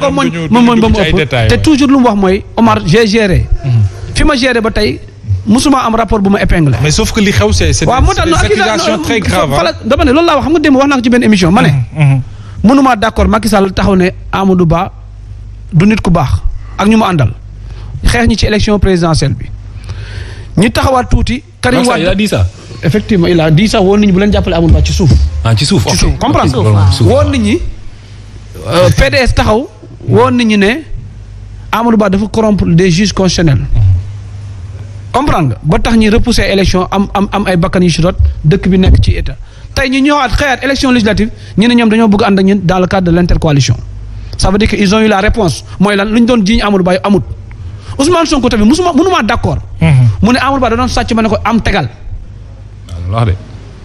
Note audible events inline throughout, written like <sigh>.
da ko moñ ma moñ ba mu ëpp te toujours lu mu wax mooy Omar j'ai géré mm-hmm. fi ma géré ba tey musuma am rapport bu ma épinglé mais sauf xew c'est c'est une accusation très grave waaw moo tax dama ne loolu laa wax xam nga démb wax naa ko ci benn émission ma ne mënuma mm-hmm, mm-hmm. d'accord Macky taxaw ne Amadou Ba du nit ku baax ak ñu mu àndal xeex ñi ci élection présidentielle bi ñi taxawaat tuuti Karim Wade il a a dit ça woon nit ñi bu leen jàppale Amadou Ba ci suuf ah ci suuf ci suuf comprendre woon nit ñi PDS euh, <laughs> taxaw woon ñu ne Amadou Ba dafa corrompre des juges constitutionnels comprendre nga ba tax ñi repousser élection am am am ay bakkan yu si dëkk bi nekk ci état tey ñu ñëwaat xëyaat élection législative ñu ne ñoom dañoo bëgg ànd ak ñun dans le cadre de l' intercoalition ça veut dire que ils ont eu la réponse mooy lan lu ñu doon jiiñ Amadou Ba amut Ousmane Sonko tamit musuma mënumaa d' accord. Mhm. mu ne Amadou Ba da doon sàcc ma ne ko am tegal.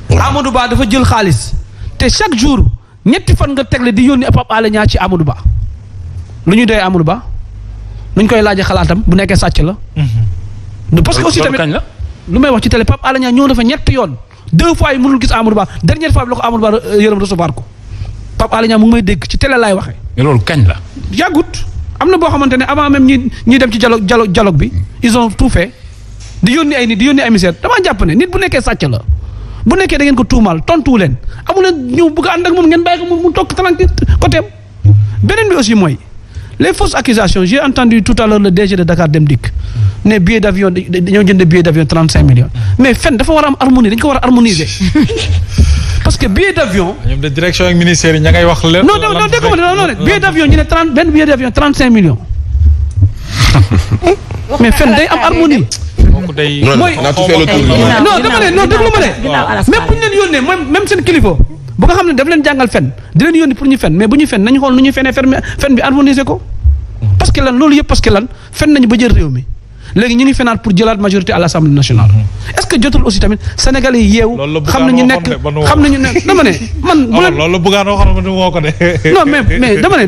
Amadou dafa jël xaalis te chaque jour ñetti fan nga tegle di yónni Pape Alé Niang ci Amadou Ba. lu ñuy doyee Amadou Ba nuñ koy laajee xalaatam bu nekkee sàcc la. du mm-hmm. parce que aussi tamit kañ la. lu may wax ci télé Pape Alé Niang ñëw na fa ñetti yoon deux fois yi mënul gis Amadou Ba dernière fois bi la ko Amadou Ba euh, yërëm recevoir ko Pape Alé Niang mu ngi may dégg ci télé laay waxee. loolu kañ la. yàggut am na boo xamante ne avant même ñi ñuy dem ci dialogue dialogue dialogue bi ils ont tout fait di yónni ay nit di yónni ay misère damaa jàpp ne nit bu nekkee sàcc la bu nekkee da ngeen ko tuumaal tontuwu leen amu leen ñëw bëgg a ànd ak moom ngeen bàyyi ko mu toog tranquille côté beneen bi aussi mooy les fausses accusations j'ai entendu tout à l'heure le DG de Dakar Demdik. billet d'avion ont des billet d'avion 35 millions mais fen il faut harmonie parce que billet d'avion direction ministère non non non non non billet d'avion ñu 30 d'avion 35 millions mais non non non. non, non, boo nga xam ne daf leen jàngal fen di leen yónni pour ñu fen mais bu ñu fen nañu xool nu ñuy fenee fen bi harmoniser ko mm. parce lan loolu yëpp parce que lan fen nañu ba réew mi léegi ñu ngi fi pour jëlaat majorité à l' assemblée nationale. Mm-hmm. est ce que jotul aussi tamit sénégalais yi yeewu. xam nañu nekk xam nañu nekk dama ne. man <laughs> na waxoon ne <laughs> dama ne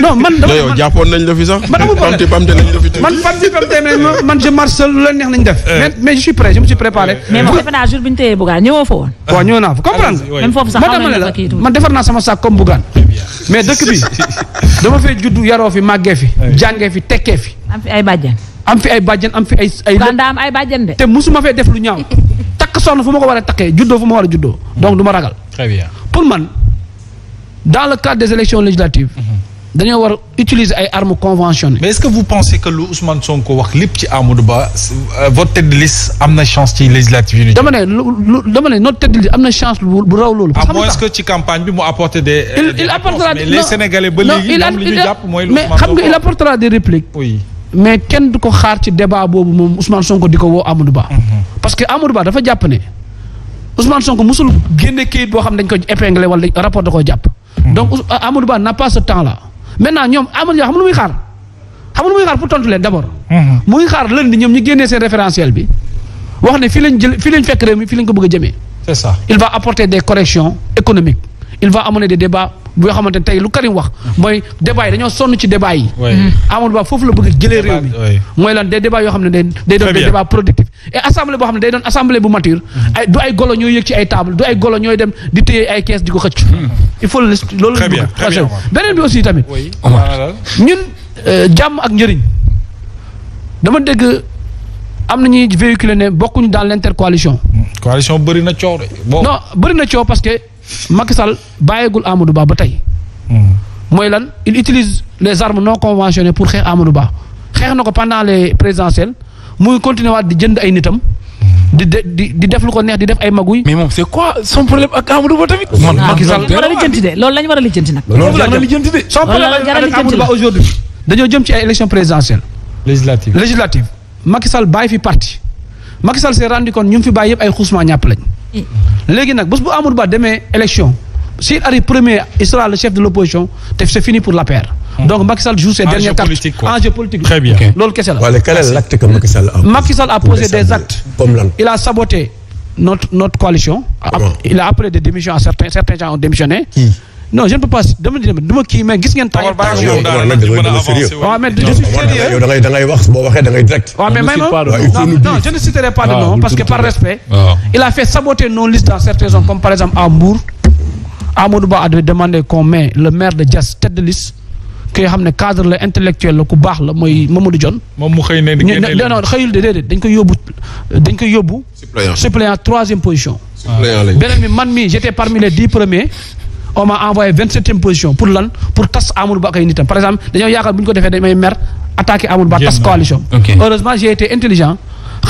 man. dama ne yow jàppoon nañ la fi sax. man amul problème pamte pamte nañ man pamte pamte lu leen neex nañ def. Eh. mais mais je suis prêt je me suis préparé. Eh. mais moom defe naa jour defar naa sama saak comme Bougane mais dëkk bi <laughs> dama fee juddu yaroo fi màggee fi eh. jàngee fi tekkee fi am fi ay bàjjan am fi ay am fi ay ay. ay de. te musuma def lu <laughs> a fu a donc ragal. très bien pour man dans le cadre des élections législatives. Mhm. dañoo war a utiliser ay armes conventionnelles. mais est-ce que vous pensez que lu Ousmane Sonko wax lépp ci Amadou Ba euh, votre tête de liste am chance ci législative yi. dama dama notre tête de liste am chance bu raw à que ci campagne bi mu apporter euh, des. il apportera mais les Sénégalais ba mais il apportera des répliques. oui mais kenn du ko xaar ci débat boobu moom Ousmane Sonko di ko woo Amadou Ba. Mhm. parce que Amadou Ba dafa jàpp ne Ousmane Sonko musul génne kayit boo xam dañ ko épinglé wala rapport da koo jàpp. Mhm. donc Amadou Ba n'a pas ce temps là. maintenant ñoom Amadou Ba xam lu muy xaar xam lu muy xaar pour tontu leen d' abord. Mhm. mu xaar lënd ñoom ñu génnee seen référentiel bi wax ne fii lañ jël fii lañ fekk réew mi fii lañ ko bëgg a jëmee. c'est ça il va apporter des corrections économiques il va amener des débats. boo xamante ne tey lu Karim wax mooy débat yi dañoo sonn ci débat yi mm. Amadou Ba foofu la bëgg jëlee réew mi mooy lan des débats yoo xam ne day day doon des débats productifs et assemblée boo xam ne day doon assemblée bu mature mm. ay du ay golo ñooy yëg ci ay table du ay golo ñooy dem di téye ay kees di ko xëcc mm. il faut loolu la bëgg beneen bi aussi tamit ñun euh, jàmm ak njariñ dama dégg am na ñuy véhiculer ne bokkuñu dans l'intercoalition coalition bëri na coow non bëri na coow parce que makisal Sall bàyyeegul Amadou Ba ba tey. Hmm. mooy lan il utilise les armes non conventionnées pour xeex Amadou Ba xeex na ko pendant les présidentielles muy continuer waat di jënd ay nitam. Hmm. di di di def lu ko neex di def ay maguy. mais moom c'est quoi son problème ak Amadou Ba tamit. man a lijjanti de loolu la ñu war a lijjanti nag. loolu la ñu war a lijjanti de. son problème ak Ba dañoo jëm ci ay élections présidentielles. législatives législatives. Macky fi parti Macky Sall s'est rendu compte ñu mu fi bàyyi yëpp ay xusma ñàpp lañ. Si il bés élection s'il arrive premier il sera le chef de l'opposition c'est fini pour la paire. Hmm. donc Macky Sall joue ses dernières cartes enjeu politique très bien quel est l'acte que Macky Sall a posé Macky Sall a posé des actes. il a saboté notre notre coalition. Ah il a appelé des démissions à certains certains gens ont démissionné non je ne peux pas dama dama kii mais gis ngeen. taxaw tension waaw mais je suis sérieux da ngay da ngay wax boo waxee da ngay direct. waaw mais may ma non je ne citerai pas de ah, nom parce que par respect. Ah. il a fait saboter nos listes dans certaines zones comme par exemple à Mbour. Amadou Ba a demandé qu'on met le maire de Diass tête de liste. ki nga cadre le intellectuel le ku bax la moy Mamadou Dione. moom mu xëy ne di génne non xëyul de déedéet dañ koy yóbbu dañ koy yóbbu. suppléant suppléant troisième position. suppléant beneen bi man mi j'étais parmi les 10 premiers on m'a envoyé 27 e position pour lan pour tas Amour Ba par exemple dañoo yaakaar buñ ko défé dañ may mer attaquer Amour Ba tas coalition heureusement j'ai été intelligent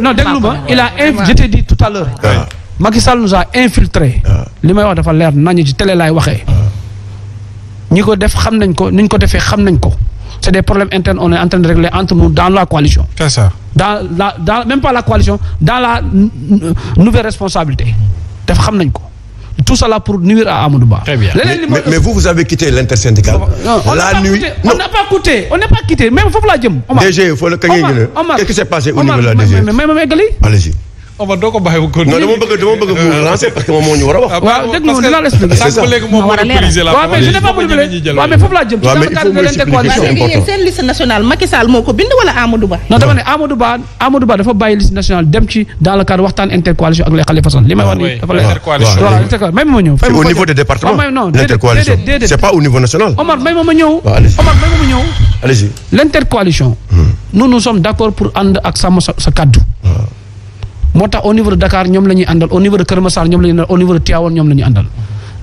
non déglu il a inf je t'ai dit tout à l'heure ah. Macky Sall nous a infiltré ah. li may wax dafa leer nañu ci télé lay waxé. Ah. Ñiko def xam nañ ko ni ko defee xam nañ ko c'est des problèmes internes on est en train de régler entre nous dans la coalition c'est ça dans la dans même pas la coalition dans la nouvelle responsabilité def xam nañ ko tout là pour nuire à Amadou Très bien. Mais, vous, vous avez quitté l'intersyndical. La on n'a pas quitté. On n'a pas quitté. Même, faut la DG, il faut le Qu'est-ce qui s'est passé au niveau de la DG Allez-y. Omar doo ko bàyyi ko continué non dama bëgg dama bëgg mu lancer parce que moom moo ñu war a wax. waaw dégg nga dinaa la expliquer. c'est ça moo war a la waaw mais je n'ai pas brûlé waaw mais fofu la jëm. waaw mais il faut que explication importante seen liste nationale Macky Sall moko bind wala Amadou Ba. non dama né Amadou Ba Amadou Ba dafa bàyyi liste nationale dem ci dans le cadre waxtan intercoalition ak les Khalifa Sall li may wax nii. dafa lay intercoalition waaw même mo ñëw. au niveau des départements. l'intercoalition c'est pas au niveau national. Omar may mo ma ñëw. Omar may mo ma ñëw. allez-y l'intercoalition. nous nous sommes d'accord pour ànd ak sàmm sa sa kaddu au niveau de Dakar au niveau de au niveau de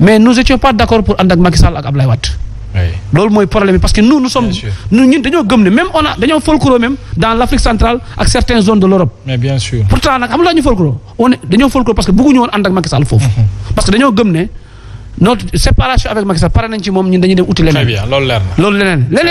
mais nous étions pas d'accord pour andak makisal Macky Sall Ablaye problème parce que nous nous sommes. nous sommes, même a même dans l'Afrique centrale à certaines zones de l'Europe. mais bien sûr pourtant nous sommes là, on est parce que beaucoup nous Macky Sall mhm. parce que nous sommes notre séparation avec Macky Sall nous très bien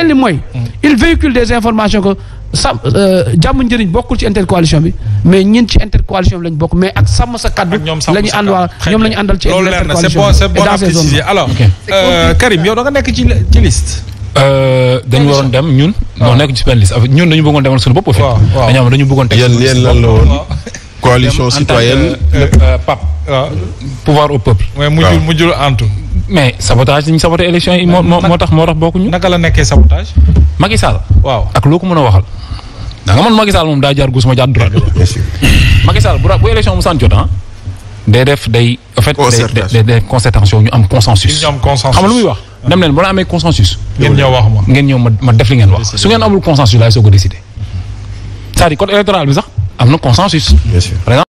mhm. il véhicule des informations que. sàmm euh, jàmm njëriñ bokkul ci intercoalition bi mais ñin ci intercoalition bi lañ bokk mais ak sàmm sa kaddu. la ànd waa ñoom la ñu àndal ci. loolu leer na c'est bon c'est bon à préciser alors euh, Karim ci ci liste. Euh, dañu waroon dem ñun. waaw ah. nekk ci benn liste ñun dañu bëggoon demal suñu bopp. waaw waaw dañu am dañu bëggoon teg. yéen yéen lan la woon. coalition citoyenne PAP. Ah. Ah. pouvoir au peuple. waaw mujjul mujjul antu. mais sabotage dañu saboté élection yi moo moo tax moo tax bokkuñu. naka la nekkee sabotage. Macky Sall. waaw ak loo ko mën a waxal. da nga man Macky Sall moom daa jaar gauche ma jaar droite. bien <laughs> bu bu élection mu sant ah, def day. en fait day ñu am consensus. ñu xam lu muy wax. Ah. dem leen bu la amee consensus. ngeen ñëw wax ma ngeen ñëw ma def li ngeen wax. su ngeen amul consensus laay soog a décider. cest à code électoral bi sax am na consensus. bien